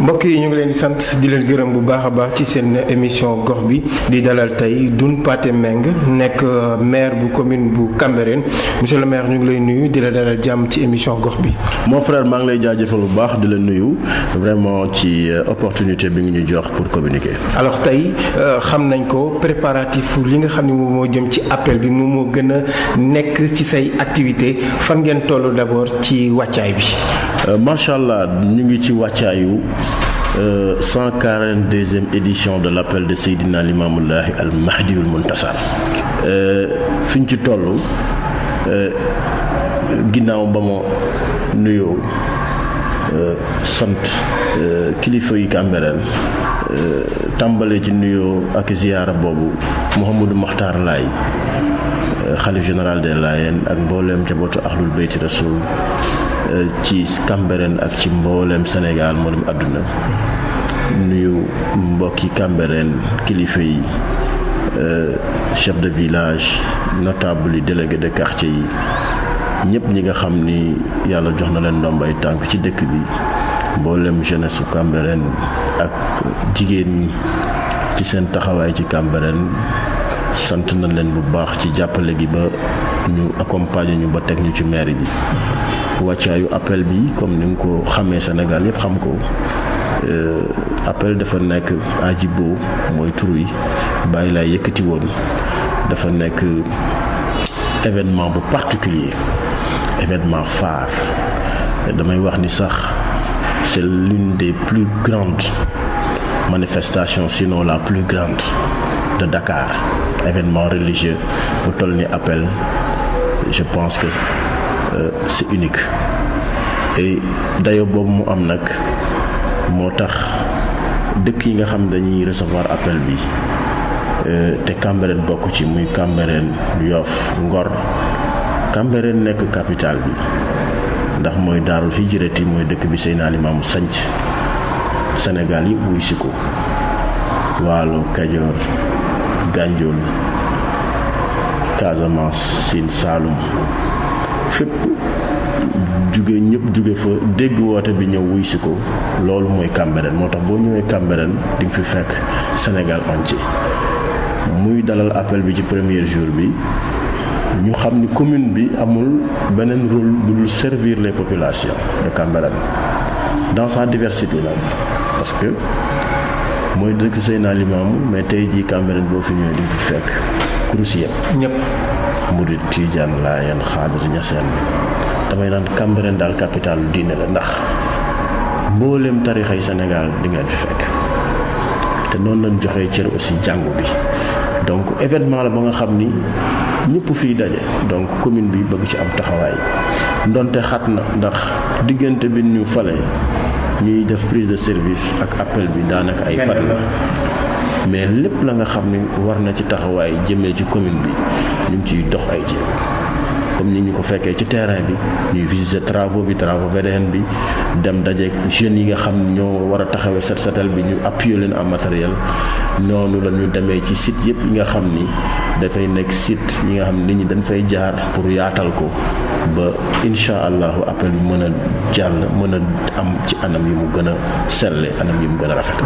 mbokk yi ñu ngi leen di sant di leen gërëm bu baax baax ci seen émission gox bi di dalal tey Doune Pathé Mbengue nekk euh, maire bu commune bu Cambérène monsieur le maire ñu ngi lay nuyu di la dalal jàmm ci émission gox bi. mon frère maa ngi lay jaajëfal bu baax di la nuyu vraiment ci euh, opportunité bi nga ñu jox pour communiquer. alors tey euh, xam nañ ko préparatif li nga xam ne moom moo jëm ci appel bi moom moo gën a nekk ci say activité fan ngeen toll d'abord ci wàccaay bi. macha allah ñu ngi ci wàccaayu. Euh, cent quarante deuxième édition de l' appel de Seydina Limamoulahi al Mahdiul Muntasar euh, fi ñu ci toll euh, ginnaaw ba ma nuyoo sant kilifa yu Cambérène tàmbalee ci nuyoo ak ziyaara boobu Mouhamadou Makhtar Laye xalif général des Layènes ak mbooleem njabootu ahlul beyti rasul ci Cambérène ak ci mbooleem Sénégal mboolem àdduna nuyu mbokki Cambérène kilifa yi euh, chef de village notable yi délégué de quartier yi ñëpp ñi nga xam ni yàlla jox na leen ndombay tànk ci dëkk bi mboolem jeunesse su Cambérène ak jigéen ñi ci seen taxawaay ci Cambérène sant na leen bu baax ci jàppale gi ba ñu accompagner ñu ba teg ñu ci mairie bi wàccaayu appel bi comme ni nga ko xamee senegal yëpp xam ko euh, appel dafa nekk ajibo mooy tur yi bàyyi laa yëkkati woon dafa nekk événement bu particulier événement phare damay wax ni sax c'est l'une des plus grandes manifestation sinon la plus grande de dakaar événement religieux bu toll ni appel je pense que Euh, c'est unique dayo boobu mu am nag moo tax dëkk yi nga xam dañuy recevoir appel bi euh, te Cambérène bokk ci muy Cambérène Yoff Ngor Cambérène nekk capitale bi ndax mooy daarul hijrati mooy dëkk bi Seydina Limaamu sanc senegal yëpp wuy si ko Waalo Kajoor Gànjool Casamance Sine Saalum fépp juge ñëpp juge fa dégg woote bi ñëw wuy si ko loolu mooy Cambérène moo tax boo ñëwee Cambérène di nga fi fekk Sénégal entier muy dalal appel bi ci première jour bi ñu xam ni commune bi amul beneen rôle bu dul servir les populations de Cambérène dans sa diversité la parce que mooy dëkk naa Limamou mais tey jii Cambérène boo fi ñëwee di fi fekk kurus yëpp. ñëpp. tiijan murit tiijaan laayeen ña ñaseen damay naan Cambérène daal capital diine la ndax mbooleem tarixay yi Sénégal di ngeen fi fekk te noonu la joxee cër aussi jàngu bi donc événement la ba nga xam ni ñëpp fiy daje donc commune bi bëgg ci am taxawaay ndonte xat na ndax diggante bi ñu fale ñuy def prise de service ak appel bi daanaka ay fan la mais lépp la nga xam ni war na ci taxawaay jëmee ci commune bi ñu ngi ciy dox ay jéego comme ni ñu ko fekkee ci terrain bi ñuy visiter travaux bi travaux VDN bi dem dajeeg jeunes yi nga xam ñoo war a taxawee set setal bi ñu appuyer leen en matériel noonu lañu demee ci site yëpp yi nga xam ni dafay nekk site yi nga xam nit ñi dañ fay jaar pour yaatal ko ba incha allahu appel bi mën a jàll mën a am ci anam yu mu gën a selle anam yu mu gën a rafet.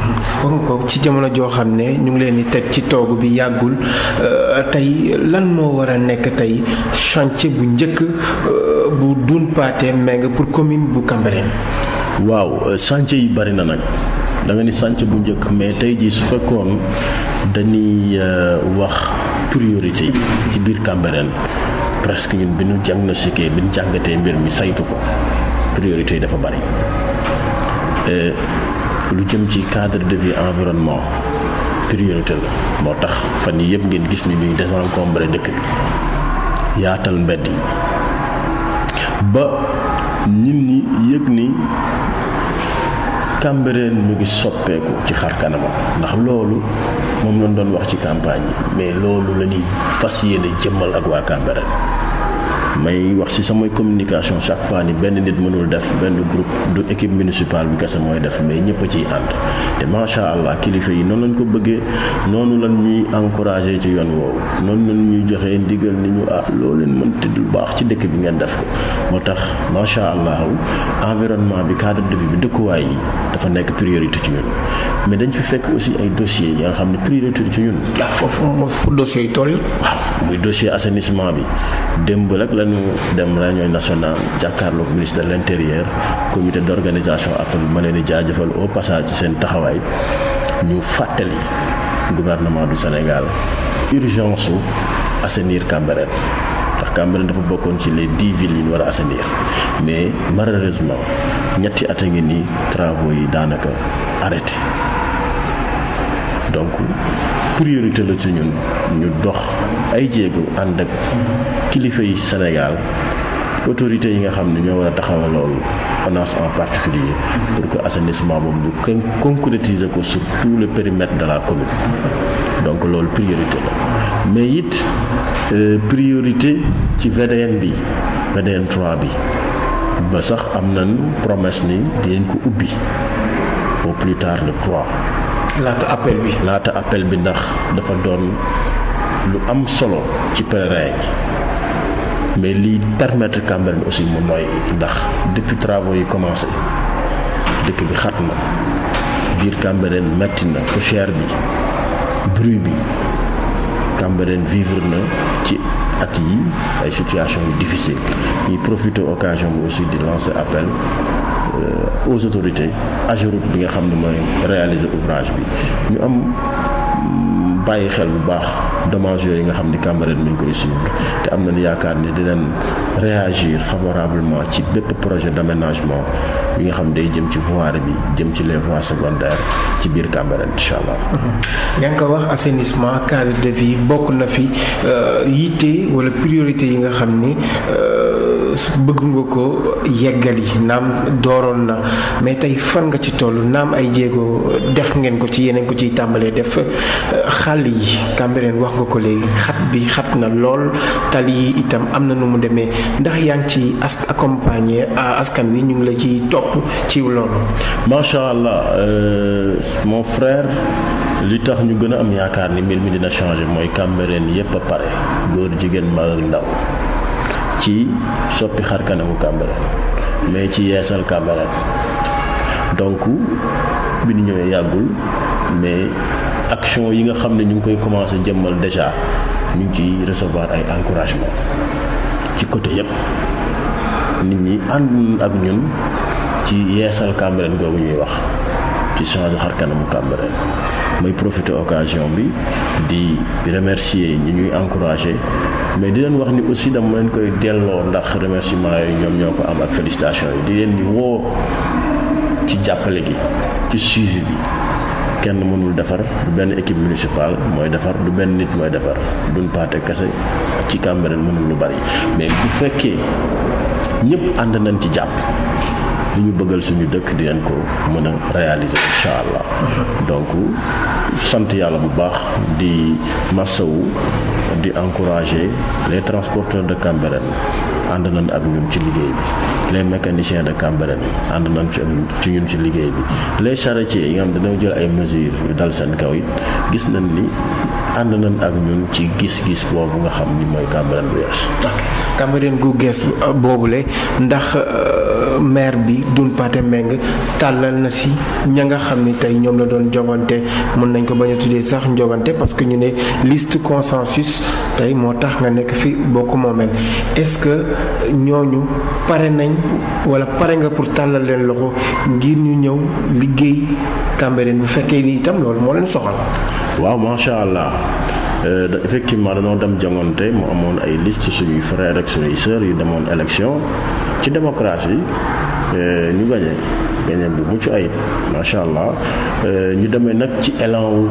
wax ci jamono joo xam ne ñu ngi leen di teg ci toogu bi yàggul euh, tey lan moo war a nekk tey chantier bu njëkk euh, bu dun paatee meng pour commune bu Cambérène. waaw euh, chantier yi bari na nag. da nga ni sànc bu njëkk mais tey jii su fekkoon dañuy wax priorité yi ci biir Cambérène presque ñun bi ñu diagnostiqué bi ñu jàngatee mbir mi saytu ko priorité yi dafa bari euh, lu jëm ci cadre de vie environnement priorité la moo tax fan yi yëpp ngeen gis ni ñuy désencombré dëkk bi yaatal mbedd yi ba nit ñi yëg ni Cambérène mu ngi soppeeku ci xar kanamam ndax loolu moom lañ doon wax ci campagne yi mais loolu la ñuy fas yéene jëmmal ak waa Cambérène may wax ci samay communication chaque fois ni benn nit mënul def benn groupe du équipe municipale bi kese mooy def mais ñëpp a ciy ànd te macha allah kilifa yi noonu lañ ko bëggee noonu lan ñuy encouragé ci yoon woowu noonu lañ ñuy joxee ndigal ni ñu ah loo leen mënti lu baax ci dëkk bi ngeen def ko moo tax macha allah environnement bi cadre de vie bi dëkkuwaay yi dafa nekk priorité ci ñun mais dañ fi fekk aussi ay dossiers yi nga xam ne priorité ci ñu foofu dossiers yi toll. waaw muy dossier bi démb ñu dem réunion nationale jàkkaarloog ministre de l' intérieur comité d' organisation appel ma leen di jaajëfal au ci seen taxawaay ñu fàttali gouvernement du Sénégal urgence su assainir Cambérène ndax Cambérène dafa bokkoon ci les di villes yi ñu war a assainir mais malheureusement ñetti at ngi ni travaux yi daanaka arrêté donc priorité la ci ñun ñu dox ay jéego ànd ak. kilifa yi Sénégal autorités yi nga xam ne ñoo war a taxawal loolu ONAS en particulier pour ko assainissement boobu ñu concrétiser ko sur le périmètre de la commune donc loolu priorité la mais it euh, priorité ci VDN bi VDN 3 bi ba sax am nañ promesse ni dinañ ko ubbi au plus tard le 3. laata appel bi. laata appel bi ndax dafa doon lu am solo ci pèlerin yi mais lii permettre Cambérène aussi mu mooy ndax depuis travaux yi commencé dëkk bi xat na biir Cambérène metti na poussière bi bruit bi Cambérène vivre na ci at yi ay situation yu difficile ñuy profiter occasion bi aussi di lancer appel euh, aux autorités Ageroute bi nga xam ne mooy réaliser ouvrage bi ñu am bàyyi xel bu baax dommage yooyu nga xam ni Cambérène mi ngi koy suivre te am na nañu yaakaar ni dinañ réagir favorablement ci bépp projet d'aménagement bi nga xam day jëm ci voirie bi jëm ci les voies secondaires ci biir Cambérène incha allah. Mhm. yaa ngi ko wax assainissement cadre de vie bokk na fi euh, yitte wala priorité yi nga xam ni. Euh, bëgg nga ko yeggali naam dooroon na mais tey fan nga ci toll naam ay jéego def ngeen ko ci yeneen ko ciy tàmbalee def xàll yi Cambérène wax nga ko léegi xat bi xat na lool tali yi itam am na nu mu demee ndax yaa ngi ci as accompagner askan wi ñu ngi la ciy topp ci loolu. macha allah euh, mon frère. li tax ñu gën a am yaakaar ni mbir mi dina changer mooy Cambérène yépp a pare góor jigéen mag ndaw ci soppi xar kanamu Cambérène mais ci yeesal Cambérène donc bi ñu ñëwee yàggul mais action yi nga xam ne ñu ngi koy commencé jëmmal déjà ñu ngi ciy recevoir ay encouragement ci côté yépp nit ñi ànd ak ñun ci yeesal Cambérène googu ñuy wax ci changer xar kanamu Cambérène may profité occasion bi di remercier ñu ñuy encouragé mais di leen wax ni aussi dama leen koy delloo ndax remerciement yi ñoom ñoo ko am ak félicitations yi di leen di woo ci jàppale gi ci suivi bi kenn mënul defar du benn équipe municipale mooy defar du benn nit mooy defar duñ paate kese ci Cambérène mënul lu bari mais bu fekkee ñëpp ànd nañ ci jàpp. li ñu bëggal suñu dëkk dinañ ko mën a réaliser incha allah donc sant yàlla bu baax di massawu di encourager les transporteurs de Cambérène ànd nañ ak ñun ci liggéey bi les mécaniciens de Cambérène ànd na ci ci ñun ci liggéey bi les charretiers yi nga xam jël ay mesures yu dal seen kaw yi gis na ni. ànd nañ ak ñun ci gis-gis boobu nga xam ni mooy Cambérène bu yees. Cambérène gu gees euh, boobule ndax euh, maire bi Doudou Pathé Mbengue tàllal na si ña nga xam ni tey ñoom la doon jogante mën nañ ko bañ a tuddee sax njogante parce que ñu ne liste consensus tey moo tax nga nekk fi bokk moomeel est-ce que ñooñu pare nañ wala pare nga pour tàllal leen loxo ngir ñu ñëw liggéey Cambérène bu fekkee ni itam loolu moo leen soxal. waaw macha allah euh, effectivement dañoo dem jàngonte mu amoon ay liste suñuy frères rek suñuy sœurs yu demoon élection ci démocratie euh, ñu gañe gañe bu mucc ayib macha allah euh, ñu demee nag ci élan wu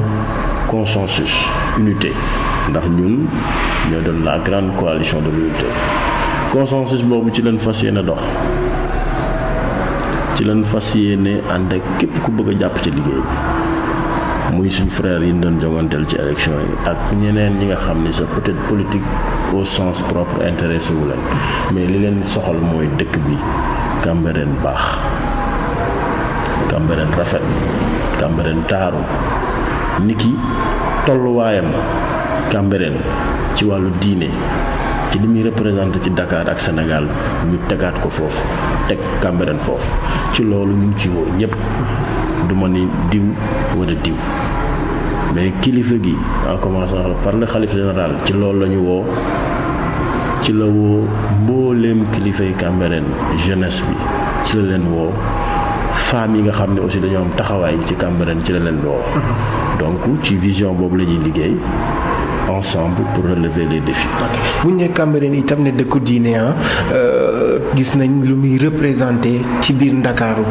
consensus unité ndax ñun ñoo doon la grande coalition de l'unité consensus boobu ci leen fas yéene dox ci leen fas yéene ànd képp ku bëgg a jàpp ci liggéey bi muy suñu frère yi ñu doon jonganteel ci élection yi ak ñeneen ñi nga xam ni sa peut-être politique au sens propre intéressé wu leen mais li leen soxal mooy dëkk bi Cambérène baax Cambérène rafet Cambérène taaru ni ki tolluwaayam Cambérène ci wàllu diine ci li muy représenté ci dakaar ak Sénégal ñu tegaat ko foofu teg Cambérène foofu ci loolu ñu ngi ci woo ñëpp du ma diw wala diw mais kilifa gi en commençant par le xalif général ci loolu la ñu woo ci la woo mbooleem kilifay Cambérène jeunesse bi ci la leen woo femmes yi nga xam ne aussi dañoo am taxawaay ci Cambérène ci la leen woo mhm. donc ci vision boobu la ñuy liggéey ensemble pour relever les défis. bu ñu nee Cambérène itam ne dëkku diine ah euh, gis nañ lu muy représenté ci biir Ndakaaru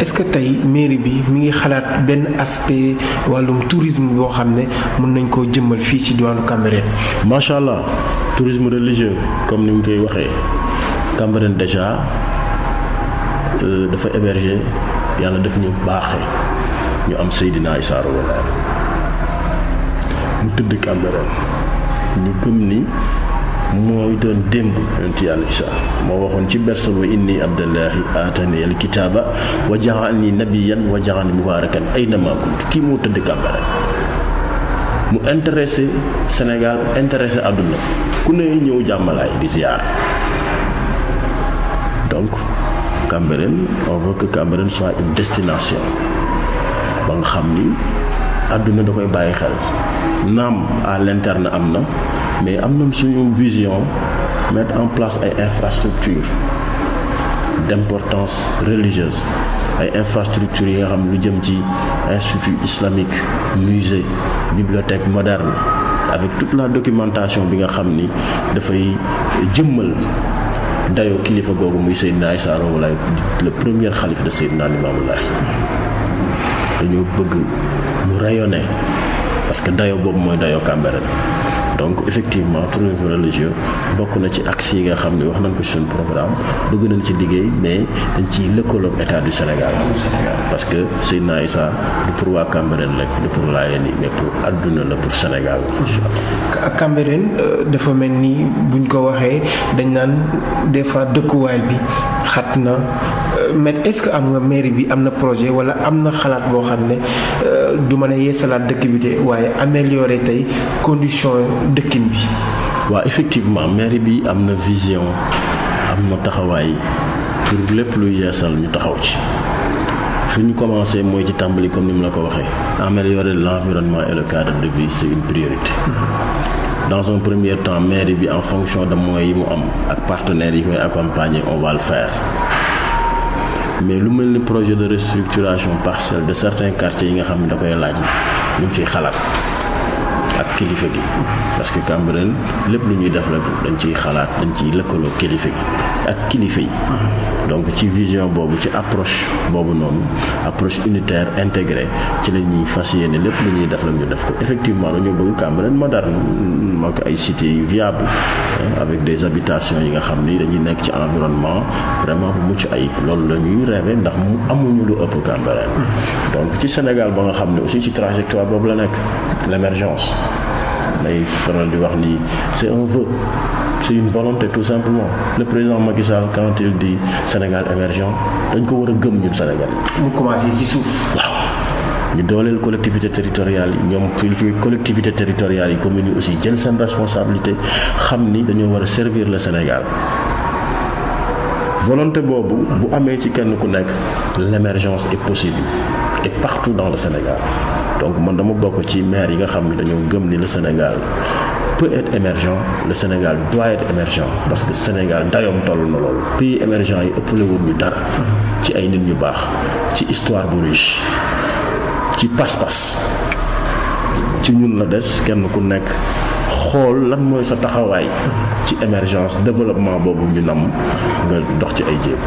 est-ce que tey mairie bi mi ngi xalaat benn aspect wàllum tourisme boo xam ne mun nañ koo jëmmal fii ci diwaanu Cambérène. macha allah tourisme religieux comme ni mu koy waxee Cambérène déjà euh, dafa héberger yàlla daf ñu baaxee ñu am Seydina Issa Rouhou mu tëdd Cameroun ñu gëm ni mooy doon démb moo waxoon ci bersa ba inni abdallahi aatani al kitaaba wa jaxalni nabiyan wa jaxalni mubaarakan aynama kunt kii moo tëdd Cameroun mu intéressé Sénégal intéressé àdduna ku ne ñëw jàmmalaay di ziar donc Cambérène on veut que Cambérène soit une ba nga xam ni àdduna da koy bàyyi xel naam à l'interne am na mais am na suñu vision mettre en place ay infrastructures d'importance religieuse ay infrastructures yi nga xam lu jëm ci institut islamique musée bibliothèque moderne avec toute la documentation bi nga xam ni dafay jëmmal dayoo kilifa boobu muy Seydina Issa Rohou Laye le première xalif de Seydina Limamou Laye dañoo bëgg mu rayonner parce que dayo boobu mooy dayo Cambérène donc effectivement tourisme religieux bokk na ci axe yi nga xam ne wax nañ ko ci suñu programme bëgg nañ ci liggéey mais dañ ciy lëkkaloog état du Sénégal. parce que Seydina Issa du pour waa Cambérène rek du pour Laayeen nii mais pour àdduna la pour Sénégal incha euh, dafa mel nii buñ ko waxee dañ naan des fois dëkkuwaay bi xat na. mais est-ce que am nga mairie bi am na projet wala am na xalaat boo xam ne euh, du mën a yeesalaat dëkk bi de waaye améliorer tey condition dëkkin bi. waa effectivement mairie bi am na vision am na taxawaay pour lépp luy yeesal ñu taxaw ci. fi ñu commencer mooy ci tàmbali comme ni mu la ko waxee améliorer l'environnement et le cadre de vie c'est une priorité mm-hmm. dans un première temps mairie bi en fonction de moyens yi mu am ak partenaire yi koy accompagner on faire mais lu mel ni projet de restructuration partielle de certains quartiers yi nga xam ne da koy laaj ñu ngi ciy xalaat. kilifa gi parce que Cambérène lépp lu ñuy def rek dañ ciy xalaat dañ ciy lëkkaloo kilifa gi ak kilifa yi donc ci vision boobu ci approche boobu noonu approche unitaire intégrée ci la ñuy fas yéene lépp lu ñuy def rek ñu def ko effectivement dañoo bëgg Cambérène moderne moo ko ay cité yu viable avec des habitations yi nga xam ni dañuy nekk ci environnement vraiment bu mucc ayib loolu la ñuy rêvé ndax mu amuñu lu ëpp Cambérène donc ci Sénégal ba nga xam ne aussi ci trajectoire boobu la nekk day faral di wax nii c'est un vœu c'est une volonté tout simplement le président Macky Sall quand il dit Sénégal émergent dañ ko war a gëm ñun Sénégal yi. commencé ci ñu dooleel collectivité territoriale yi ñoom fii collectivité territoriale yi communes yi aussi jël seen responsabilité xam ni dañoo war a servir le Sénégal. volonté boobu bu amee ci kenn ku nekk l'émergence est possible et partout dans le Sénégal. donc man dama bokk ci maire yi nga xam ne dañoo gëm ni le Sénégal peut être émergent le Sénégal doit être émergent parce que Sénégal dayoom toll na lool pays émergent yi ëppale woon ñu dara ci ay nit ñu baax ci istoire bu riche ci pas-pas ci ñun la des kenn ku nekk xool lan mooy sa taxawaay ci émergence développement boobu ñu nam nga dox ci ay jéego.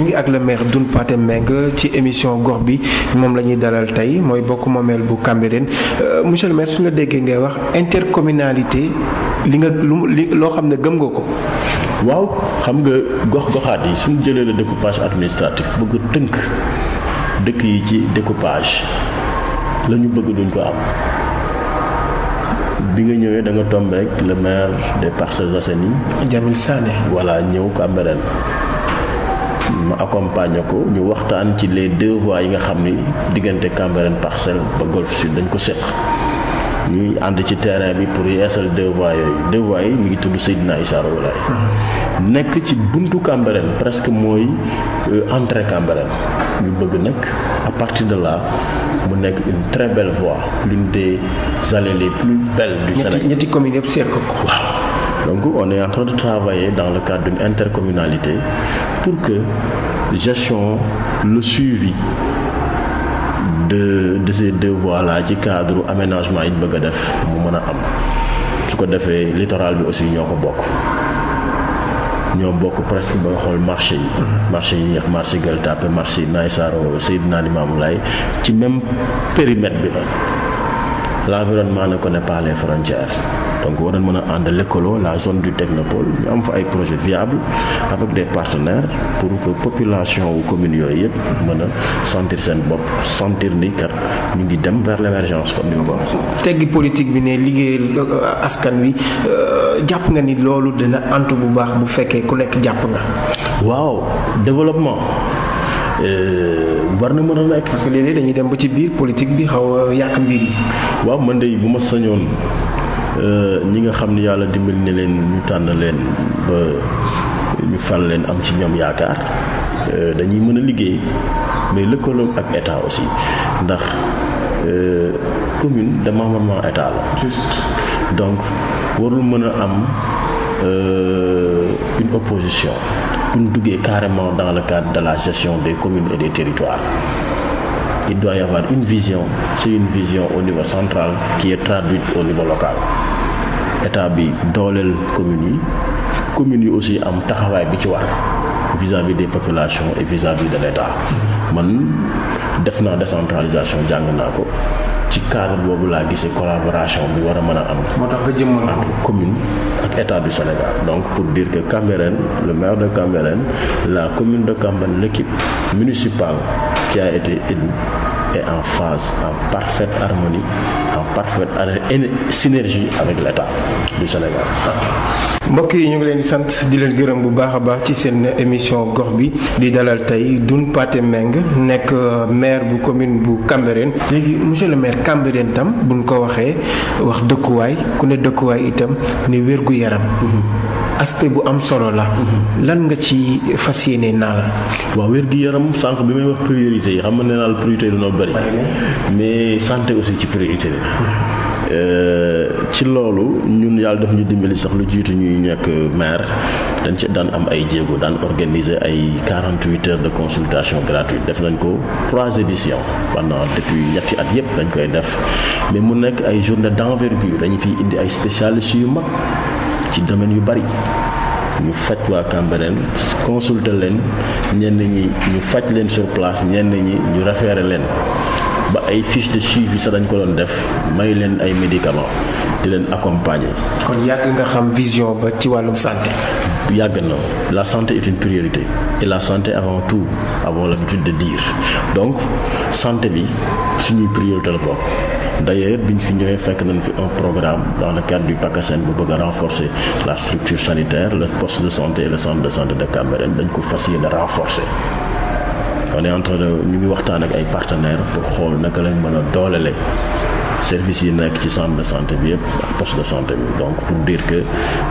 ñu ngi ak le maire Doune Pathé ci émission gox bi moom la ñuy dalal tey mooy bokk moomeel bu Cambérène euh, monsieur le maire su nga déggee ngay wax intercommunalité li nga lu li loo xam ne gëm nga ko. waaw xam nga gox-goxaat yi suñ jëlee le découpage administratif bëgg tënk dëkk yi ci découpage la ñu bëgg duñ ko am. bi nga ñëwee da nga tombé ak le maire des Parcelles Assainies. Jamil Sané. voilà ñëw Cambérène ma accompagner ko ñu waxtaan ci les deux voies yi nga xam ni diggante Cambérène Parcelles ba Golf Sud dañ ko séq ñuy ànd ci terrain bi pour yeesal deux voies yooyu deux voies yi mu ngi tudd Seydina Issa Rouhou Laye mm-hmm. nekk ci buntu Cambérène presque mooy euh, entrée Cambérène ñu bëgg nag à partir de là mu nekk une très belle voie l'une des allées les plus belles du Sénégal ñetti commune yëpp seq ko waaw donc on est en train de dans le cadre d'une intercommunalité pour que gestion le suivi de de deux voies là ci cadre aménagement yi bëgg a def mu mën a am su ko defee littoral bi aussi ñoo ko bokk ñoo bokk presque ba xool marché yi. Mm-hmm. marché yi ñuy wax marché Gueule Tapée marché Naye Saro Seydina ci même périmètre bi la l' environnement ne connaît pas les frontières. donc war nañ mën a ànd lëkkaloo la zone du technopole ñu am fa ay projet viables avec des partenaires pour que population wu communes yooyu yëpp mën a sentir seen bopp sentir ni kat ñu ngi dem vers l' émergence comme ni ma ko waxee. teggi politique bi ne liggéey euh, askan wi euh, jàpp nga ni loolu dina ant bu baax bu fekkee ku lekk jàpp nga. waaw développement. Euh, war na mën a nekk. parce que léeg dañuy dem ba ci biir politique bi xaw a yàq mbir yi. waaw man de bu ma sañoon Euh, ñi nga xam ni yàlla dimbali na leen ñu tànn leen ba ñu fal leen am ci ñoom yaakaar euh, dañuy mën a liggéey mais lëkkaloo ak état aussi ndax euh, commune démembrement état la. juste donc warul mën a am une opposition bu ñu duggee carrément dans le cadre de la gestion de communes et des territoires. il doit y une vision c'est une vision au niveau central qui est traduite au niveau local état bi dooleel commune yi communes yi aussi am taxawaay bi ci war vis-à-vis des populations et vis vis de l'état man def naa décentralisation jàng naa ko ci cadre boobu laa gisee collaboration bi war a mën a am. moo tax nga jëmmal entre commune ak état du Sénégal donc pour dire que Cambérène le maire de Cambérène la commune de Cambérène l'équipe municipale qui a été élue est en phase en parfaite harmonie parfaite synergie avec l'État du mbokk yi ñu ngi leen di sant di leen gërëm bu baax a baax ci seen émission gox bi di dalal tey Doune Pathé Mbengue nekk euh, maire bu commune bu Cambérène léegi monsieur le maire Cambérène tam buñ ko waxee wax dëkkuwaay ku ne dëkkuwaay itam ni wér gu yaram. Mhm. aspect bu am solo la. lan nga ci fas yéene naal. waaw wér yaram sànq bi may wax priorité yi xam nga nee naa la priorité du noo bëri. mais santé aussi ci priorité la. Euh, ci loolu ñun yàlla daf ñu dimbali sax lu jiitu ñuy nekk maire dañ ci daan am ay jéego daan organiser ay 48 heures de consultation gratuite def nañ ko trois éditions pendant depuis ñetti at yëpp dañ koy def mais mu nekk ay journée d'envergure dañu fiy indi ay spécialistes yu mag. ci domaine yu bari ñu faj waa Cambérène consulter leen ñenn ñi ñu faj leen sur place ñenn ñi ñu référé leen ba ay fiche de suivi sax dañ ko doon def may leen ay médicaments di leen accompagner. kon yàgg nga xam vision ba ci wàllum santé. yàgg na la santé est une priorité et la santé avant tout avons l'habitude de dire donc santé bi suñuy priorité la bokk d'ailleurs bi ñu fi ñëwee fekk nañ fi un programme dans le cadre du PACASEN bu bëgg a renforcer la structure sanitaire le poste de santé et le centre de santé de Cambérène dañ ko fas yéene renforcer. on est en ñu ngi waxtaan ak ay partenaires pour xool naka lañ mën a doolele service yi nekk ci centre de santé bi yëpp ak poste de santé bi donc pour dire que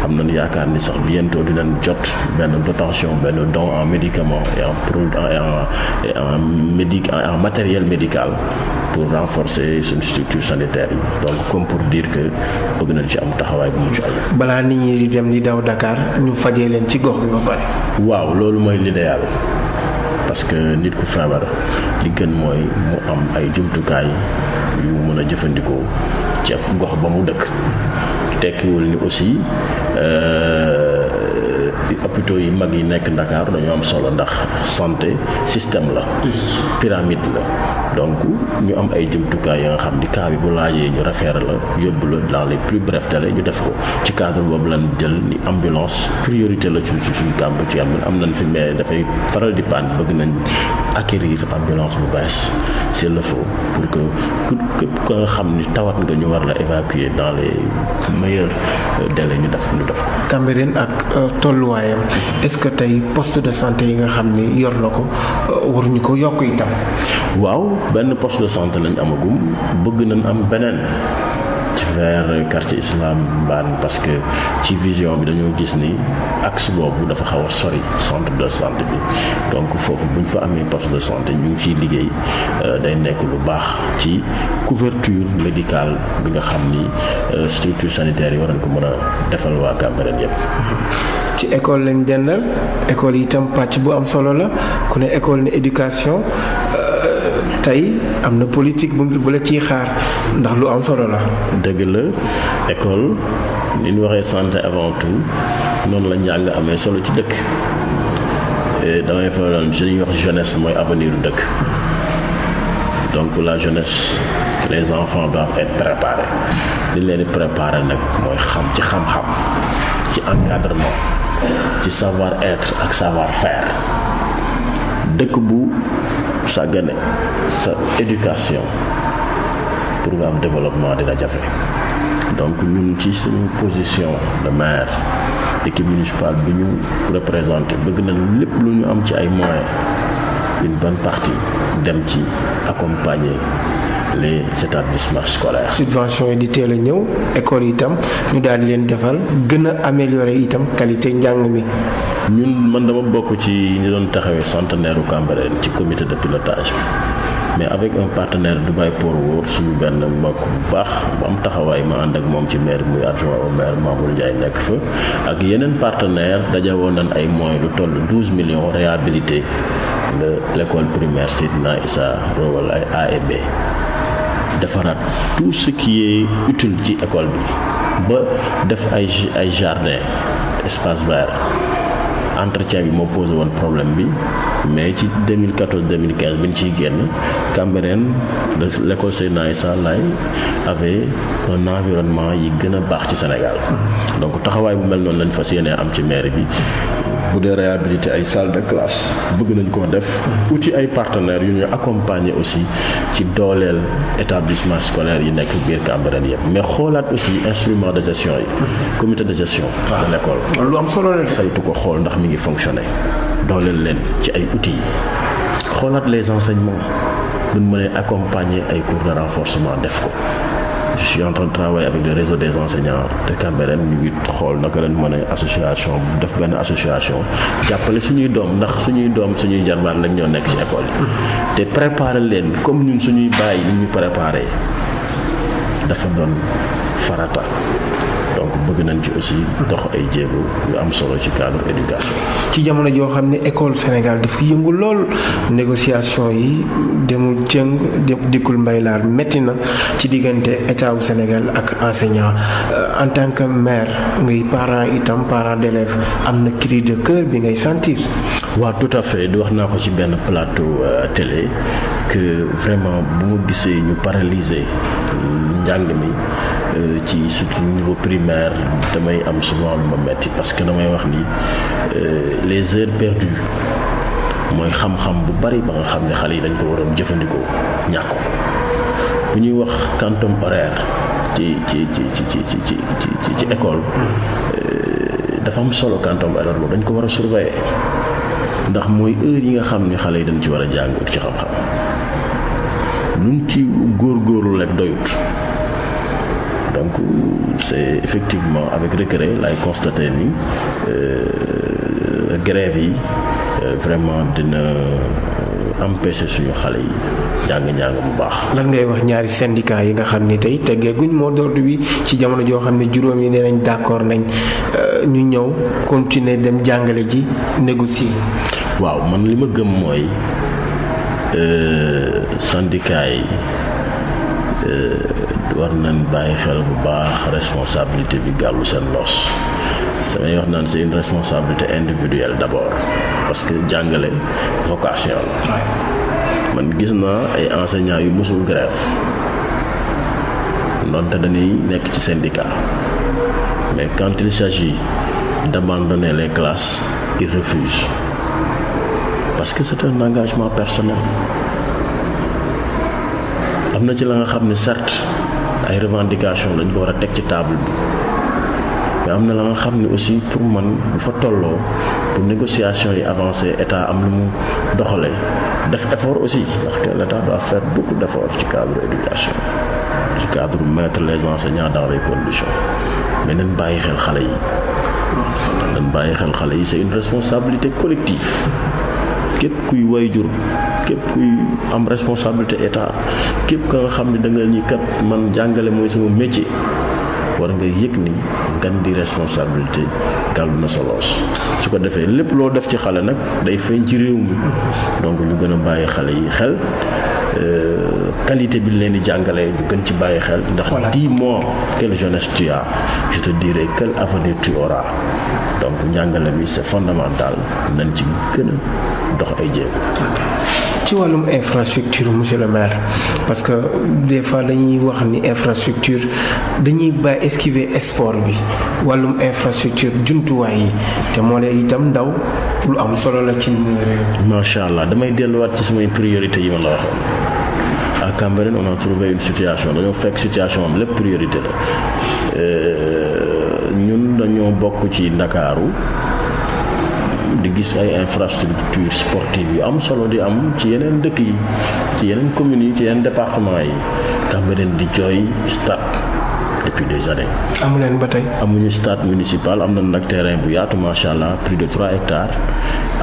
am nañu yaakaar ni sax bientôt dinañ jot benn dotation benn don en médicament et en pro en et en médic en matériel médical pour renforcer suñu structure sanitaire yi donc comme pour diir que bëgg nañ ci am taxawaay bu mucc ayib. balaa nit ñi di dem di daw Dakar ñu fajee leen ci gox bi ba pare. waaw loolu mooy l'idéal parce que nit ku feebar li gën mooy mu am ay jumtukaay yu mën a jëfandikoo ci gox ba mu dëkk tekkiwul ni aussi euh, hôpitaux yi mag yi nekk ndakaar dañoo am solo ndax santé système la pyramide la donc ñu am ay jumtukaay yi nga xam ni cas bu bu laajee ñu référé la yóbbu la dans les plus brefs délais ñu def ko ci cadre boobu lañ jël ni ambulance priorité la ci suñu kàmb ci am am nañ fi mais dafay faral di panne bëgg nañ acquérir ambulance bu bees s'il le faut pour que ku képp ko nga xam ni tawat nga ñu war la évacuer dans les meilleurs euh, délais ñu def ñu def ko. ak euh, tolluwaayam est-ce que tey poste de santé yi nga xam ni yor na ko euh, waruñu ko yokk itam. waaw benn poste de santé lañ amagum bëgg nañ am beneen. vers quartier islam mbaan parce que ci vision bi dañoo gis ni axe boobu dafa xaw a sori centre de santé bi donc foofu bu ñu fa amee poste de santé ñu ngi ciy liggéey euh, day nekk lu baax ci couverture médicale bi nga xam ni euh, structure sanitaire yi war nañ ko mën a defal waa Cambérène yëpp. ci école lañ dendal école yi itam pàcc bu am solo la ku ne école ne éducation. Euh, tey am na politique bu la ciy xaar ndax lu am solo la. dëgg la école li ñu waxee santé avant tout noonu la njàng amee solo ci dëkk damay fa doon li ñuy wax jeunesse mooy avenir u dëkk donc la jeunesse les enfants doivent être préparés li leen di préparer nag mooy xam ci xam-xam ci encadrement ci savoir être ak savoir fair dëkk bu. sàggane sa éducation pour nga am développement dina jafe donc ñun ci suñu position de maire équipe municipale bi ñu représenté bëgg nañ lépp lu ñu am ci ay moyen une bonne partie dem ci accompagner les établissements scolaires. subvention yi di teel a ñëw école itam ñu daal di leen defal gën a améliorer itam qualité njàng mi. ñun man dama bokk ci ñu doon taxawee centenaire u ci comité de pilotage bi mais avec un partenaire Dubai pour World suñu benn mbokk bu baax bu am taxawaay ma ànd ak moom ci maire muy adjoint au maire Mamour Ndiaye nekk fa ak yeneen partenaire dajawoon nañ ay moy lu toll 12 millions réhabilité le l'école primaire Seydina Issa Rowal ay A et B defaraat tout ce ci école bi ba def ay ay jardin espace vert entretien bi moo posé woon problème bi mais ci 2014 2015 bi ñu ciy génn Cambérène l' école Seydina Issa Laye avait un environnement yi gën a baax ci Sénégal mm-hmm. donc taxawaay bu mel noonu lañu fas yéenee am ci maire bi bu dee réhabilité ay salle de classe bëgg nañ koo def uti ay partenaires yu ñu accompagner aussi ci dooleel établissement scolaire yi nekk biir Cambérène yëpp mais xoolaat aussi instrument de gestion yi comité de gestion de l'école lu am solo la saytu ko xool ndax mi ngi fonctionner dooleel leen ci ay outils yi xoolaat les enseignements buñ mënee accompagner ay cours de renforcement def ko je suis en de travailler avec le réseau des enseignants de Cambérène ñu ngi xool naka leen mën a association def benn association jàppale suñuy doom ndax suñuy doom suñuy jarbaat lañ ñoo nekk ci école te préparer leen comme ñun suñuy bàyyi ñu préparé dafa doon farata. bëgg nañ ci aussi dox ay jéego yu am solo ci cadre éducation. ci jamono joo xam ne école Sénégal dafa yëngu lool négociation yi demul cëng dikkul mbaylaar métti na ci diggante état wu Sénégal ak enseignant euh, en tant que maire ngay parent itam parent d'élève am na cri de bi ngay sentir. waa tout à fait di wax naa ko ci benn plateau euh, télé que vraiment bu ma gisee ñu paralyser euh, njàng mi. Euh, ci surtout niveau primaire damay am souvent lu ma metti parce que damay wax ni euh, les heures perdues mooy xam-xam bu bari ba nga xam ne xale yi dañ ko waroon jëfandikoo ñàkk ko bu ñuy wax quantum horaire ci ci ci ci ci ci ci ci ci école euh, dafa am solo quantum horaire loolu dañ ko war a surveiller ndax mooy heure yi nga xam ni xale yi dañ ci war a jàng ut ci xam-xam luñ ci góorgóorlu rek doyut donc c'est effectivement avec regret lay constaté ni euh, grève yi euh, vraiment dina euh, empêcher suñu xale yi jàng-jàng bu baax. lan ngay wax ñaari syndicat yi nga xam ni tey teggeeguñ mot d'ordre bi ci jamono joo xam ne juróom yi nee nañ d'accord nañ ñu ñëw continuer dem jàngale ji négocier. waaw man li ma gëm mooy syndicat yi war nañ bàyyi xel bu baax responsabilité bi gàllu seen loos samay wax naan c'est une responsabilité individuelle d'abord parce que jàngale vocation la man gis naa ay enseignants yu mësul grève donte dañuy nekk ci syndicat mais quand il s'agit d'abandonner les classes ils refusent parce que c'est un engagement personnel am na ci la nga xam ne certes ay revendication lañ ko war a teg ci table bi mais am na la nga xam ne aussi pour man bu fa tolloo pour négociation yi avancé état am lu mu doxale def effort aussi parce que l' état doit faire beaucoup d' effort ci cadre éducation ci cadre mettre les enseignants dans les conditions mais bàyyi xel xale yi. nañ bàyyi xel xale yi c' est une responsabilité collective. képp kuy jur képp kuy am responsabilité état képp ka nga xam ne da nga kat man jàngale mooy sama métier war nga yëg ni ngan di responsabilité gàllu na sa su ko defee lépp loo def ci xale nag day feeñ ci réew mi donc ñu gën a bàyyi xale yi xel euh, qualité bi leen di jàngalee ñu gën ci bàyyi xel. ndax dis-moi quelle jeunesse tu as donc njàngale mi c'est daal nañ ci gën a dox ay jéego. ci wàllum infrastructure monsieur le maire parce que des fois dañuy wax ni infrastructure dañuy bàyyi esquiver sport bi wàllum infrastructure jumtuwaay yi te moo lay itam ndaw lu am solo la ci réew. macha allah damay delluwaat ci samay priorité yi ma la waxoon. à Cambérène on a trouvé une situation dañoo fekk situation am lépp priorité la. Euh, ñun dañoo bokk ci ndakaaru di gis ay infrastructure sportive yu am solo di am ci yeneen dëkk yi ci yeneen communes yi ci yeneen département yi beneen di jooy stade depuis des années. amu leen ba tey. amuñu stade municipal am na nag terrain bu yaatu macha allah plus de 3 hectares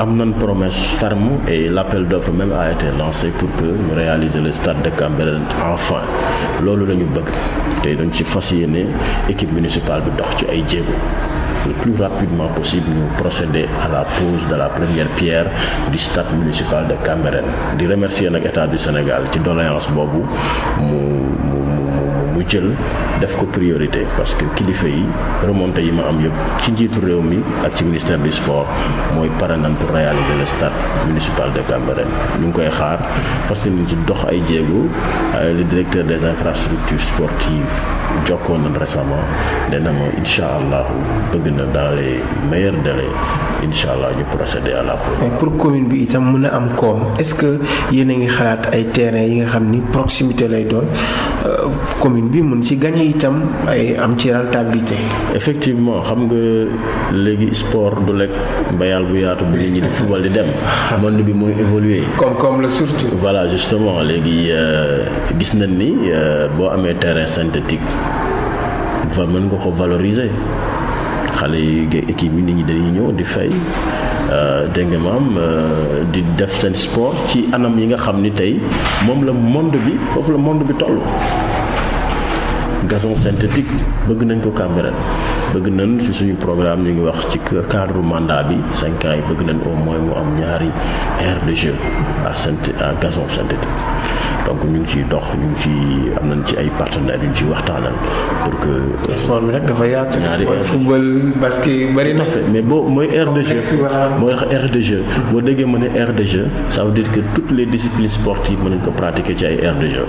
am nañ promesse ferme et l' appel d' même a été lancé pour que ñu réaliser le stade de Cambérène enfin loolu la ñu bëgg tey dañ ci fas yéene équipe municipale bi dox ci ay jéego. le plus rapidement possible ñu procéder à la pose de la première pierre du stade municipal de Cambérène di remercier nag état du Sénégal ci doléance boobu mu mu jël def ko priorité parce que kilifa yi remontées yi ma am yëpp ci njiitu réew mi ak ci ministère du sport mooy pare nañ pour réaliser le stade municipal de Cambérène ñu ngi koy xaar parce que ñu ci dox ay jéego euh, le directeur des infrastructures sportives jokkoon nañ de na ma incha allahu bëgg na dans les de délais incha allah ñu procéder à pour commune bi itam mën a am koom est-ce que yéen a ngi xalaat ay terrain yi nga xam ni proximité lay euh, itam ay am ci rentabilité. effectivement xam nga léegi sport du lekk mbayal bu yaatu bu nit ñi di football di dem. monde bi mooy évoluer comme comme la surtout. voilà justement léegi euh, gis nañ ni euh, boo amee terrain synthétique va mën nga ko valoriser xale yi équipe yi nit ñi dañuy ñëw di fay. Euh, dégg nga maam di def seen sport ci anam yi nga xam ni tey moom la monde bi foofu la monde bi toll gazon synthétique bëgg nañ ko Cambérène bëgg nañ ci suñu programme ñu ngi wax ci cadre mandat bi cinq ans yi bëgg nañ au mooy mu am ñaari air de jeu à synth à gazon synthétique donc ñu ngi ciy dox ñu ngi ciy am nañ ci ay partenaires yu ñu ciy waxtaanal pour que. Euh, sport bi nag dafa yaatu. ñaari bari na. mais boo mooy aire de jeu mooy wax aire de jeu boo déggee ma ne aire de jeu ça veut dire que toutes les disciplines sportives mën nañ ko pratiquer ci ay aire de jeu.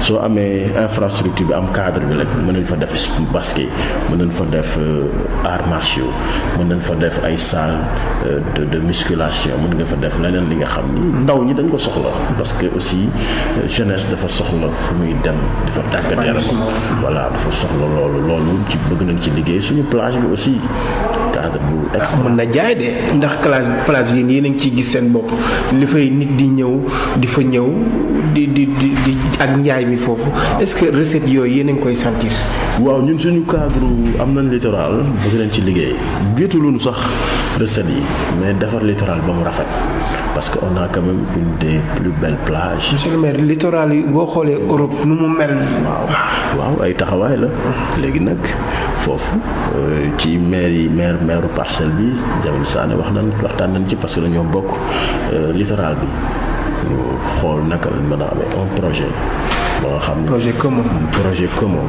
soo amee infrastructure bi am cadre bi rek mën nañ fa def basket mën nañ fa def euh, arts martiaux mën nañ fa def ay salle euh, de de musculation mën nga fa def leneen li nga xam ni ndaw ñi dañ ko soxla parce que aussi euh, jeunesse dafa soxla fu muy dem dafa tàggat yaram voilà dafa soxla loolu loolu ci bëgg nañ ci liggéey suñu plage bi aussi cadre bu ah, extra mën na jaay de ndax classe plage bi yéen a ciy gis seen bopp li fay nit di ñëw di fa ñëw di di di ak njaay mi foofu est-ce que recette yooyu yéen a ngi koy sentir. waaw ñun suñu cadre am nañ littoral bëgg nañ ci liggéey géetuluñu sax recette yi mais defar littoral ba mu rafet parce que on a quand même une des plus belles plages. monsieur le maire littoral yi boo xoolee Europe nu mu mel. waaw waaw ay taxawaay la léegi nag. foofu euh, ci maire yi maire maire parcelle bi Diaboune Sané wax nañ waxtaan nañ ci parce que dañoo bokk euh, littoral bi xool naka lañ mën a amee un projet ba nga xam ne projet commun projet commun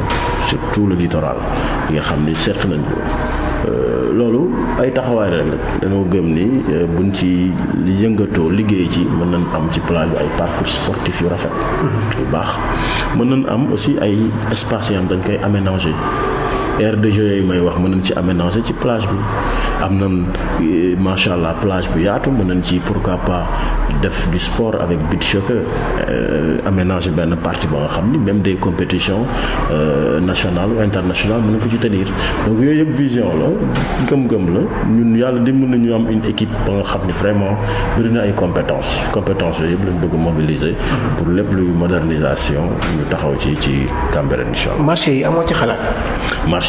sur tout le littoral bi nga xam ni seq nañ ko euh, loolu ay taxawaay la dañoo gëm ni euh, buñ ci yëngatoo liggéey ci mën nañ am ci plage bi ay parcours sportif yu rafet yu baax mën nañ am aussi ay espace yam dañ koy aménager aire de jeu yooyu may wax mën nañ ci aménager ci plage bi am nañ macha allah plage bu yaatu mën nañ ci pourquoi pas def du sport avec beach soccer euh, aménager benn partie ba nga xam ni même des compétition euh, nationales ou internationales mën nañ ko ci tenir donc yooyu yëpp vision la gëm-gëm la ñun yàlla dimbali nañu am une équipe ba nga xam ni vraiment bëri na ay compétence compétences yooyu yëpp lañ bëgg mobiliser pour lépp luy modernisation ñu taxaw ci ci Cambérène incha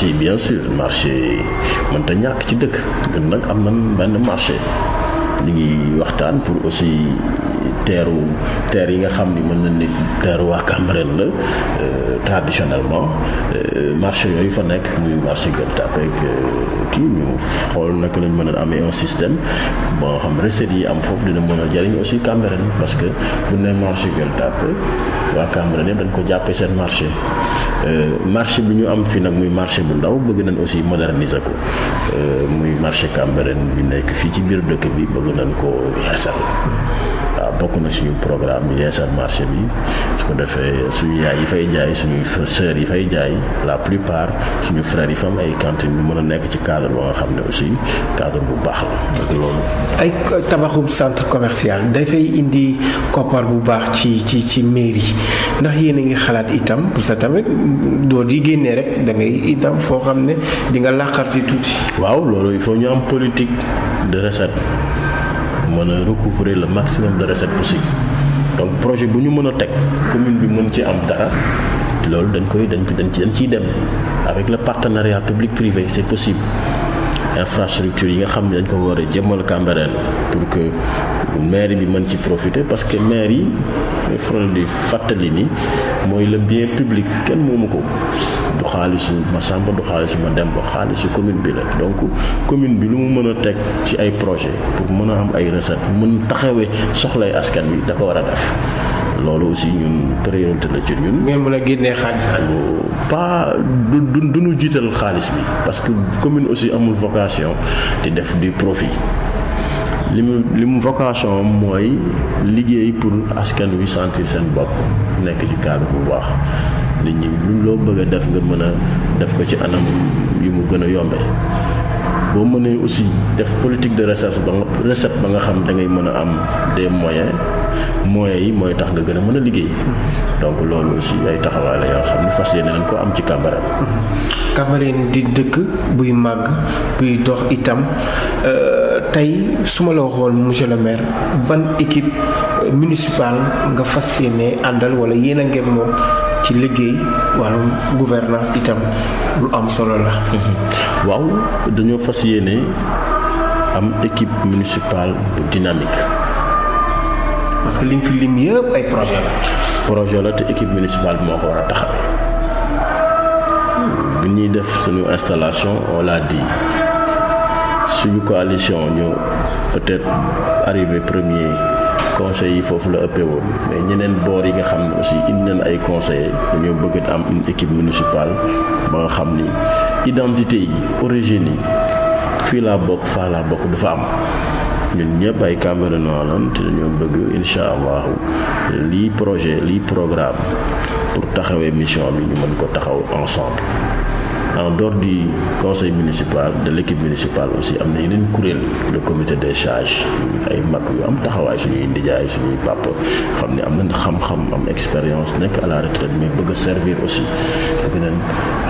marché yi bien sûr marché yi mënta ñàkk ci dëkk ñun nag am na benn marché ñu waxtaan pour aussi teeru teer yi nga xam ni mën na nit teeru waa Cambérène la euh, traditionnellement euh, marché yooyu fa nekk muy marché Gueule Tapée ak euh, kii ñu xool naka lañ mën a amee un système boo nga xam recettes yi am foofu dina mën a jariñ aussi Cambérène parce que bu ne marché Gueule Tapée waa Cambérène yëpp dañ ko jàppee seen marché marché bi ñu am fii nag muy marché bu ndaw bëgg nañ aussi moderniser ko muy marché Cambérène bi nekk fii ci biir dëkk bi bëgg nañ ko yeesal. waaw bokk na suñu programme yeesal marché bi su ko defee suñu yaay yi fay jaay suñu sœurs yi fay jaay la plupart suñu frères yi fa am ay cantine ñu mën a nekk ci cadre ba nga xam ne aussi cadre bu baax la loolu. ay tabaxub centre commercial dafay indi koppar bu baax ci ci ci mairie ndax yéen a ngi xalaat itam pour sa tamit doo di génnee rek da ngay itam foo xam ne di nga làqar ci tuuti. waaw loolu il faut ñu am politique de recette. mën a recouvrer le maximum de recettes possible donc projet bu ñu mën a teg commune bi mën ci am dara loolu dañ koy dañ ci dañ ciy dem avec le partenariat public privé c'est possible infrastructure yi nga xam ne dañ ko war a jëmmal Cambérène pour que maire bi mën ci profité parce que maire yi day faral di fàttali ni mooy le bien public kenn moomu ko du xaalisu ma sàmba du xaalisu ma demba xaalisu commune bi la donc commune bi lu mu mën a teg ci ay projet pour mën a am ay recette mën taxawee soxlay askan wi da ko war a def loolu aussi ñun priorité la ci ñun. ngeen mën a génnee xaalis pas du du du ñu jiital xaalis bi parce que commune aussi amul vocation di def di profit. li mu li mu vocation mooy liggéey pour askan wi sentir seen bopp nekk ci cadre bu baax nit ñi loo bëgg a def nga mën a def ko ci anam yu mu gën a yombe boo mënee aussi def politique de recherche ba nga recette ba nga xam da ngay mën a am des moyens moye yi mooy tax nga gën a mën a liggéey donc loolu aussi ay taxawaay la yoo xam ne fas yéene nañ ko am ci Cambérène. Cambérène di dëkk buy màgg buy dox itam. Euh, tey su ma la waxoon monsieur le maire ban équipe euh, municipale nga fas yéene àndal wala yéen a ngeen moom ci liggéey wàllum gouvernance itam lu am solo la. Mhm. waaw dañoo fas yéene am équipe municipale bu dynamique. parce que liñ fi lim yëpp ay projet la. projet la te équipe municipale bi moo ko war a taxawee. bi ñuy def suñu installation on l'a suñu coalition ñu peut-être arrivé premier conseil yi foofu la ëppee woon mais ñeneen boor yi nga xam ne aussi indi nañ ay conseillers dañoo bëgg am une équipe municipale ba nga xam ni identité yi origine yi fii laa bokk faa laa bokk du am ñun ñëpp ay Camerounais lan te dañoo bëgg incha lii projet lii programme pour taxawee mission bi ñu mën ko taxaw ensemble en dehors di conseil municipal de l' équipe municipale aussi am na yeneen kuréel le comité des charges ay mag yu am taxawaay suñuy ndijaay suñuy papa xam ne am nañ xam-xam am expérience nekk à la retraite mais bëgg a servir aussi gën a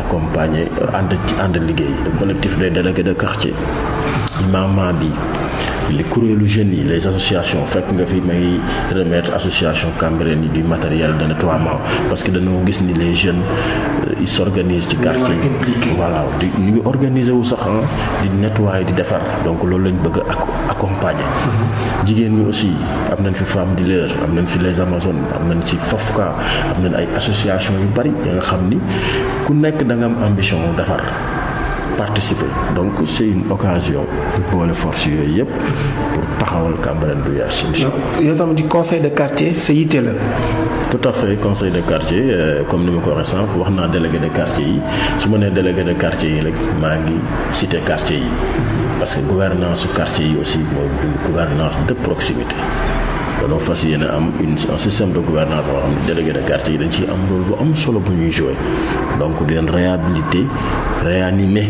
accompagner ànd ci ànd liggéey le collectif des délégués de quartier imama bi li kuréelu jeunes yi les associations fekk nga fi may remettre association Cambérène yi du matériel de nettoiement parce que dañoo gis ni les jeunes euh, ils s'organisent ci quartier yi voilà di ñu ngi organiser wu sax di nettoyer di defar donc loolu lañ bëgg a accompagner mm-hmm. jigéen mi aussi am nañ fi femme di leer am nañ fi les amazones am nañ ci Fofka am nañ ay association yu bari ya nga xam ni ku nekk da nga am ambition defar participer donc c' est une occasion boole force yooyu yëpp pour taxawal Cambérène bu yees yow tamit di conseil de quartier sa yitte la tout à fait conseil de quartier euh, comme ni ma ko waxee sànq wax naa délégué de quartier yi su ma nee délégué quartier yi rek maa ngi cité quartier yi parce que gouvernance su quartier yi aussi mooy une gouvernance de proximité dañoo fas yéene am une un système de gouvernance boo xam ne délégué de quartier yi dañ ciy am rôle bu am solo bu ñuy joué donc di leen réhabiliter réanimer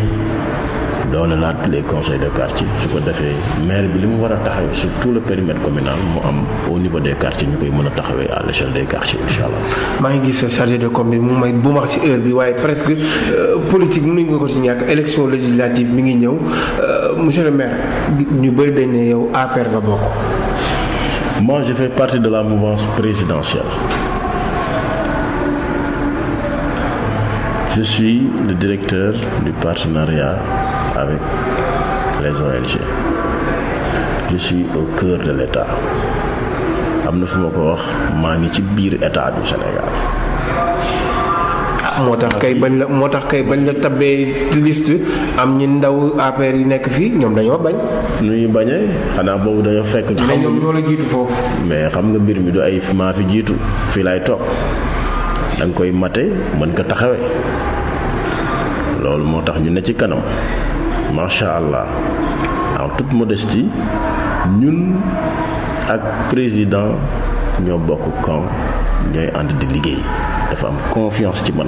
doole laat les conseils de quartier su ko defee maire bi li mu war a taxawee sur tout le périmètre communal mu am au niveau des quartiers ñu koy mën a taxawee à l' échelle des quartiers incha allah. maa ngi gis chargé de com bi mu may bu ma ci heure bi waaye presque euh, politique mënuñ nga ko ci ñàkk élection législative mi ngi ñëw euh, monsieur le maire ñu bëri dañ ne yow APR nga bokk. Moi, je fais partie de la mouvance présidentielle. Je suis le directeur du partenariat avec les ONG. Je suis au cœur de l'État. am na fu ma ko wax maa ngi ci biir état du Sénégal Ah, moo tax kay bañ la moo tax kay bañ la tabbee liste am ñi ndaw APR yi nekk fii ñoom dañoo bañ. nu ñuy bañee xanaa boobu dañoo fekk. xam nga ñoom foofu. mais xam nga mbir mi du ay maa fi jiitu fii lay toog da koy mate mën ko taxawee loolu moo tax ñu ne ci kanam macha allah en toute modestie ñun ak président ñoo bokk camp ñooy ànd di liggéey. dafa am confiance ci man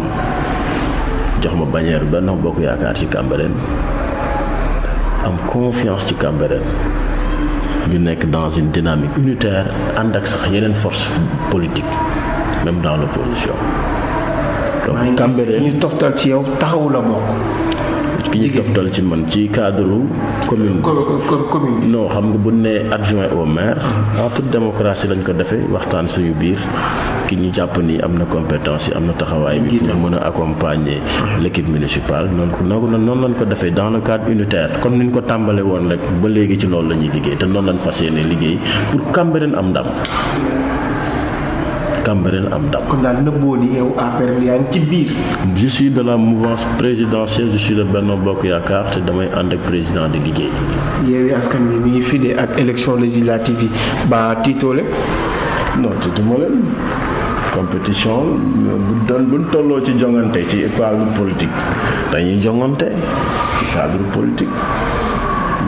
jox ma bannière Benno Bokk Yaakaar ci Cambérène am confiance ci Cambérène ñu nekk dans une dynamique unitaire ànd ak sax yeneen force politique même dans l'opposition donc Cambérène ñu toftal ci yow taxawu la bokk. ki ñu toftal ci man ci cadre commune. commune xam nga bu ne adjoint au maire. Mm-hmm. en lañ ko defee waxtaan suñu biir. ki ñu jàpp ni am na compétence yi am na taxawaay bi pour mën a accompagner l' équipe noonu noonu ko defee dans le cadre unitaire comme ni ko tàmbale woon rek ba léegi ci loolu la ñuy liggéey te noonu lañ fas yéene liggéey pour Cambérène am ndam Cambérène am ndam. kon daal nëbboo ni yow affaire bi yaa ci biir. je suis de la mouvance présidentielle je suis de Benno Bokk Yaakaar te damay ànd ak président di liggéey. Yewwi Askan Wi mi ngi fidee ak élection législative yi ba tiitoole. non tiituma compétition bu doon buñ tolloo ci jongante ci cadre politique dañuy jongante ci cadre politique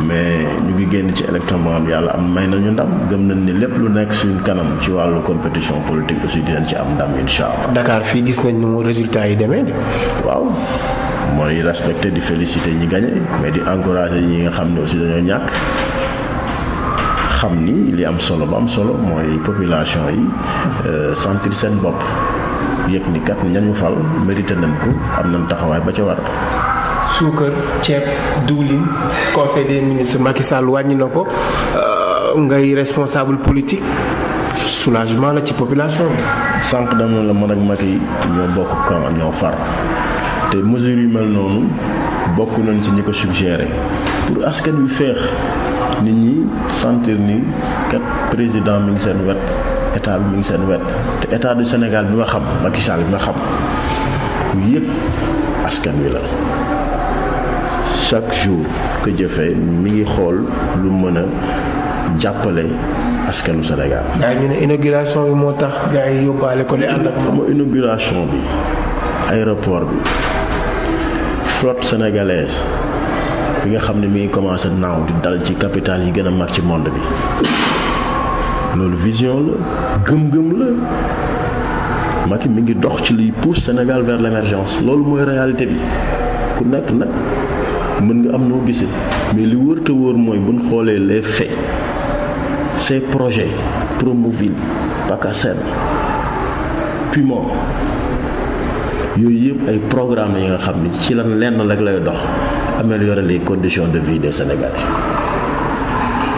mais ñu ngi génn ci élection boo yàlla am may nañu ndam gëm nañ ni lépp lu nekk suñ kanam ci wàllu compétition politique aussi dinañ ci am ndam incha allah. Dakar fii gis nañ nu résultat yi demee waaw. mooy respecté di félicité ñi gagné mais di encouragé ñi nga xam ne aussi dañoo ñàkk xam ni li am solo ba am solo mooy population yi euh, sentir seen bopp yëg ni kat ñañu fal mérité nañ ko am nañ taxawaay ba ca war. suukar ceeb diwlin conseil des ministres Macky Sall wàññi na ko euh, ngay responsable politique soulagement la ci population bi. sànq dama la man ak Macky ñoo bokk camp ñoo far te mesures mel noonu bokk nañ ci ñu ko suggéré pour askan wi féex. nit ñi sentir ni kat président mi ngi seen wet état bi mi ngi seen wet te état du Sénégal bi ma xam Macky Sall bi ma xam ku yëg askan wi la chaque jour que jëfee mi ngi xool lu mën a jàppale askanu senegal gaa ñu ne inauguration bi moo tax gaa yi yóbbaale ko di ànd ak moom. inauguration bi aéroport bi flotte sénégalaise. bi nga xam ne mi ngi commencé naaw di dal ci capital yi gën a mag ci monde bi loolu vision la gëm-gëm la Macky mi ngi dox ci luy pousse Sénégal vers l'émergence loolu mooy réalité bi ku nekk nag mën nga am noo gisee mais li wër te wër mooy buñ xoolee les faits ces projets Promoville PACASEN Pimon yooyu yëpp ay programme yi nga xam ni ci lan lenn rek lay dox améliorer les conditions de vie des Sénégalais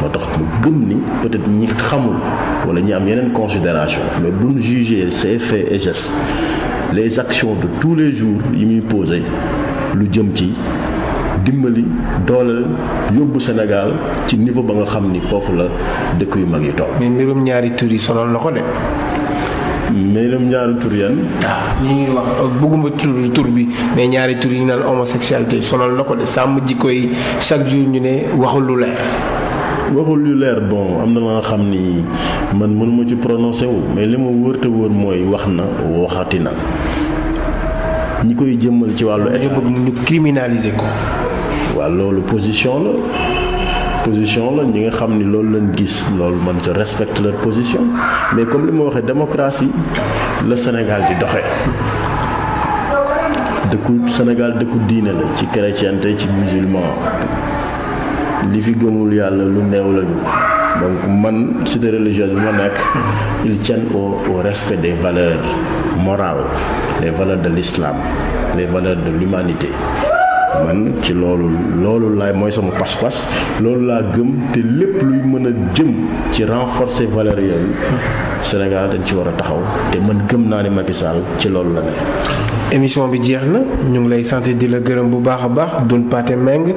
moo tax mu gëm ni peut-être ñi xamul wala ñi am yeneen considération mais bu ñu jugee ces faits et les actions de tous les jours yi muy posé lu jëm ci dimbali dooleel yóbbu Sénégal ci niveau ba nga xam ni foofu la dëkk yu mag yi toll. mais mbirum ñaari tur yi sonal na ko de. mais ñoom ñaari tur yan. waaw ah, ñu ngi wax bëgguma tur tur bi mais ñaari tur yi ñu naan homosexualité sonal na ko de sàmm ji koy chaque jour ñu ne waxul lu leer. waxul lu leer bon am na la nga xam ni man mënuma ci prononcé wu mais li ma wóor te mooy wax na waxati na ñi koy jëmmal ci wàllu. état bëgg ñu criminaliser ko. waaw loolu position la. position la ñi nga xam ni loolu lañ gis loolu mën je respecte leur position mais comme li ma waxee démocratie la Sénégal di doxee dëkku Sénégal dëkku diine la ci chrétienté ci musulman li fi gëmul yàlla lu néew lañu donc man cité religieuse bi ma nekk ils tiennent au au respect des valeur morales les valeurs de l'islam les valeurs de l'humanité man ci loolu loolu laay mooy sama pas-pas loolu laa gëm te lépp luy mën a jëm ci renforcer valeurs yooyu Sénégal dañ ci war a taxaw te mën gëm naa ni Macky Sall ci loolu la ne. émission bi jeex na ñu ngi lay sant di la gërëm bu baax a baax Doune Pathé Mbengue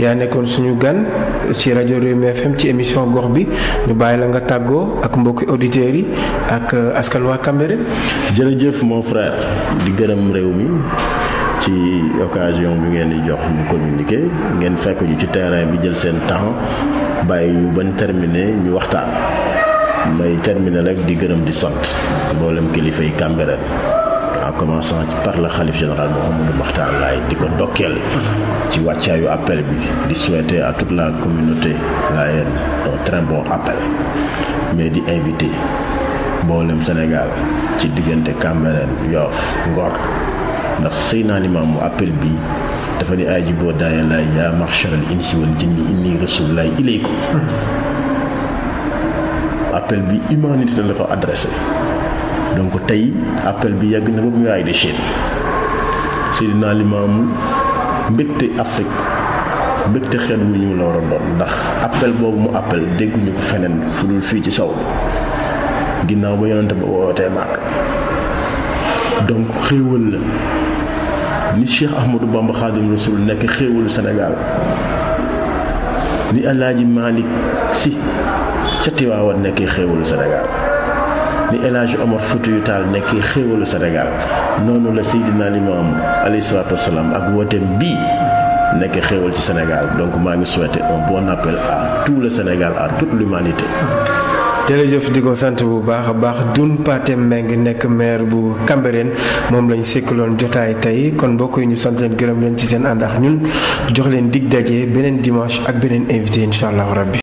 yaa nekkoon suñu gan ci rajo Rewmi FM ci émission gox bi ñu bàyyi la nga tàggoo ak mbokki auditeurs yi ak euh, askan waa Cambérène. jërëjëf mon frère di gërëm réew mi ci occasion bi ngeen di jox ñu communiquer ngeen fekk ñu ci terrain bi jël seen temps bàyyi ñu bañ terminer ñu waxtaan may terminé rek di gërëm di sant mboolem kilifa yi Cambérène en commençant ci par le xalif général Mouhamadou Makhtar Laye di ko dokkeel ci wàccaayu appel bi di souhaiter à toute la communauté layène un appel mais di invité mboolem Sénégal ci diggante Cambérène Yoff Ngor ndax sëy naa limaam mu appel bi dafa ni aay ji boo daaya laay yaa marcharal insi wal jinni inni rasulullahi ilaykum appel bi humanité la ko adressé donc tey appel bi yàgg na ba muraille de Chine Seydina Limaamu mbégte Afrique mbégte xeet wu ñu la war a doon ndax appel boobu mu appel dégguñu ko feneen fu dul fii ci saw ginnaaw ba yonante ba wootee màkk donc xéewal la ni Cheikh Ahmadou Bamba Khadim Rasoul nekk xéewalu Sénégal ni El Hadj Malick ca Tiwaawan nekkee xéewalu Sénégal ni El Hadj Omar Foutiyou Tall nekkee xéewalu Sénégal noonu la Seydina Limamou alayhi salaatu ak wooteem bii nekk xéewal ci senegaal donc maa ngi souhaiter un bon appel à tout le Sénégal à toute l'humanité jërëjëf di ko sant bu baax a baax Dun Pathé Mbengue nekk maire bu Cambérène moom lañ sekkaloon jotaay tey kon mbokk yi ñu sant leen gërëm leen ci seen àndax ñun jox leen dig daje beneen dimanche ak beneen invité incha allahu rabbi